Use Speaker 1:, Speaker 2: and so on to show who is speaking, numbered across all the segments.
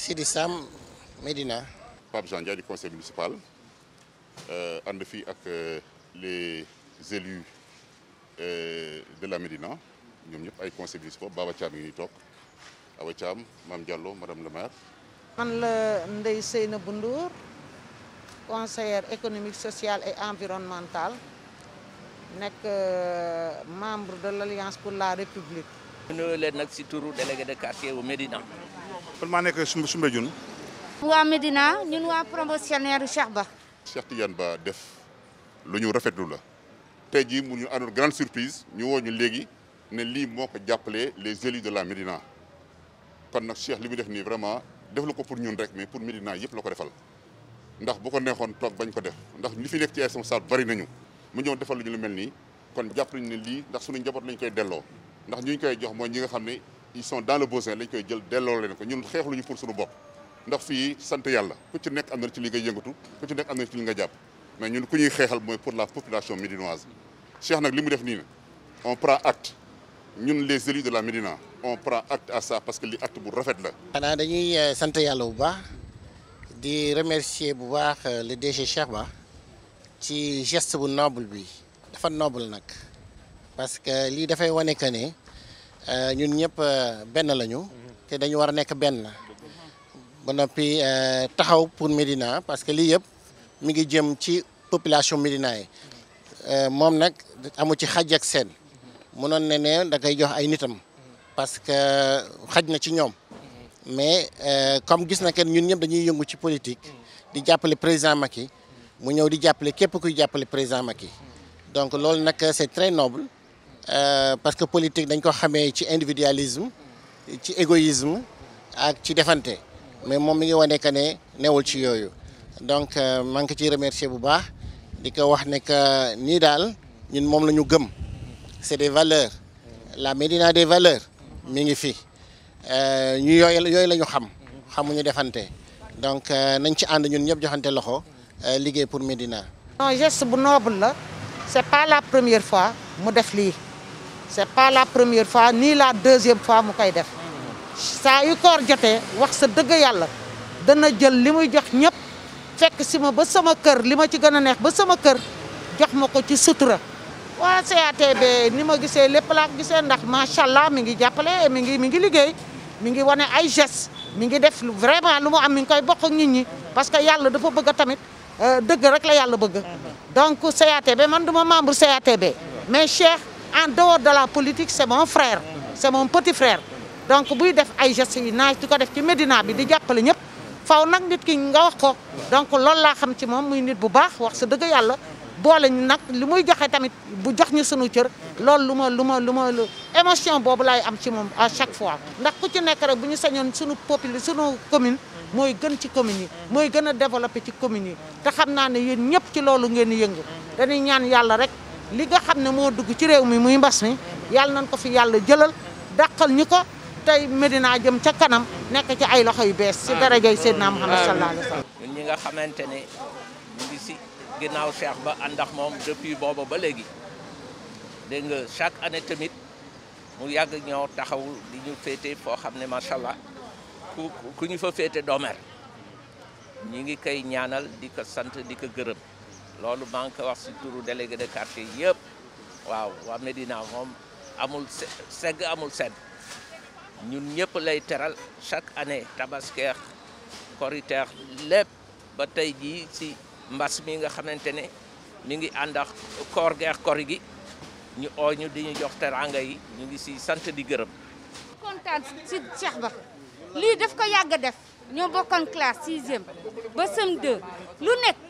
Speaker 1: Sidi Sam Médina. Pape Jean du conseil municipal En effet, avec les élus euh, de la Médina nous avons ay conseil municipal Baba Thiam yi ñuy Mme Diallo madame le maire.
Speaker 2: man la Ndeye Seynabou conseillère économique sociale et environnementale nekk euh, membre de l'Alliance pour la république.
Speaker 3: Nous sommes leen nag délégué de quartier
Speaker 1: au Médina. kon maa nekk Soumbédioune.
Speaker 2: waa Médina ñun waa promotionnaire Cheikh Ba.
Speaker 1: Cheikh Tidiane Ba def lu ñu rafetlu la tey jii mu ñu àndoon grande surprise ñu woo ñu léegi ne lii moo ko jàppalee les élus de la Médina kon nag Cheikh li mu def nii vraiment def la ko pour ñun rek mais pour Médina yëpp la ko defal ndax bu ko neexoon toog bañ ko def ndax li fi nekk ci ay responsable bari nañu mu ñëw defal lu ñu lu mel nii kon jàpp nañu ne lii ndax suñu njaboot lañ koy delloo ndax ñu koy jox mooy ñi nga xam ne. ils sont dans le besoin lañ koy jël delloo leen ko ñun xeexluñu pour suñu bopp ndax fi sant yalla ku ci nek amna ci li nga yëngatu ku ci nek amna ci li nga japp mais ñun ku ñuy xéxal moy pour la population médinoise Cheikh nak limu def ni on prend acte ñun les élus de la Médina on prend acte à ça parce que li acte bu rafet la.
Speaker 4: ana dañuy euh, sant yalla bu baax di remercier bu baax euh, le DG Cheikh Ba ci geste bu noble bi dafa noble nak parce que lii dafay wone que ne. Eh, ñun ñëpp eh, benn lañu. te dañu war a nekk benn. ba noppi eh, taxaw pour Médina parce que lii yëpp mi ngi jëm ci population Médina yi moom nag amu ci xaj ak seen mënoon ne ne da koy jox ay nitam parce que xaj na ci ñoom mais comme gis na kenn ñun ñëpp dañuy yëngu ci politique di jàppale président Macky mu ñëw di jàppale képp kuy jàppale président Macky donc loolu nag c'est très noble. Euh, parce que politique dañ ko xamé ci individualisme ci égoïsme ak ci défanté mais mom mi ngi wane que ne newul ci yooyu donc euh, man ngi ko ciy remercier bu baax diko wax né que ni dal ñun mom lañu gëm c'est des valeurs la Médina des valeurs mi ngi fi euh, ñu yooyu yooyu la ñu xam xamuñu defante donc nañ ci and ñun ñëpp joxanté loxo liggéey pour Médina.
Speaker 2: non geste bu noble la c'est pas la première fois mu def li c'est pas la première fois ni la deuxième fois mu koy def sa yu koor joté wax sa deug yalla dana jël limuy jox ñep fekk sima ba sama kër lima ci gëna neex ba sama kër jox mako ci sutura wa CATB ni ma gisee lépp laa gisé ndax sha allah mi ngi jappalé mi ngi mi ngi liggéey mi ngi wone ay gestes mi ngi def vraiment lu mu am mi ngi koy bokk ak nit ñi parce que yalla dafa bëgg tamit deug rek la yalla bëgg donc CATB man duma membre CATB mais Cheikh en dehors de la politique c'est mon frère c'est mon petit frère donc buy def ay gestes yi naaj di ko def ci Médina bi di jàppale ñëpp faw nag nit ki nga wax ko donc loolu laa xam ci moom muy nit bu baax wax sa dëgg yàlla boole nag li muy joxe tamit bu jox ñu sunu cër loolu lu ma lu ma lu ma émotion boobu laay am ci moom à chaque fois ndax ku ci nekk rek bu ñu sañoon sunu populi sunu commune mooy gën ci commune yi mooy gën a développé ci commune yi te naa ne yéen ñëpp ci loolu ngeen yëngu ñaan yàlla rek li nga xam ne moo dugg ci réew mi muy mbas mi yàlla nañ ko fi yàlla jëlal dàqal ñu ko tey Medina jëm ca kanam nekk ci ay loxo yu bees ci darajay Seydina Muhammad sallallahu alayhi wa sallam
Speaker 3: ñun ñi nga xamante ne ñu ngi si ginnaaw Cheikh ba ànd ak moom depuis booba ba léegi dégg nga chaque année tamit mu yàgg ñoo taxaw di ñu féete foo xam ne macha allah ku ku ñu fa féete doomer ñi ngi koy ñaanal di ko sant di ko gërëm loolu maa ngi ko wax si turu délégué de quartier yëpp waaw waa Médina moom amul segg amul sedd ñun ñëpp lay teral chaque année tabaskeex koriteex lépp ba tey jii si mbas mi nga xamante ne mi ngi ànd ak koor geex kori gi ñu oo ñu di ñu jox teranga yi ñu ngi si sant di gërëm.
Speaker 2: kontaan si lii daf ko yàgg def ñoo bokkoon classe sixième ba sem deux lu nekk.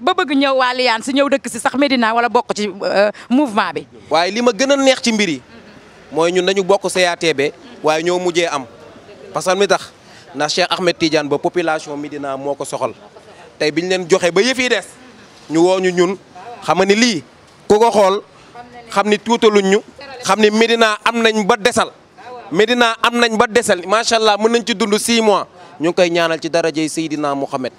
Speaker 2: ba bëgg ñëw waa Liyane si ñëw dëkk si sax Medina wala bokk ci euh, mouvement bi.
Speaker 4: waaye li ma gën a neex ci mbir yi mooy ñun dañu bokk CATB waaye ñoo mujjee am parce que mi tax ndax Cheikh Ahmed Tidiane ba population Medina moo ko soxal tey biñ leen joxe ba yëf yi des ñu woo ñu ñun xam nga ni lii ku ko xool xam ni tuutaluñ ñu xam ni Medina am nañ ba desal. Medina am nañ ba desal macha allah mën nañ ci dund 6 mois ñu ngi koy ñaanal ci darajey Seydina Mouhamed.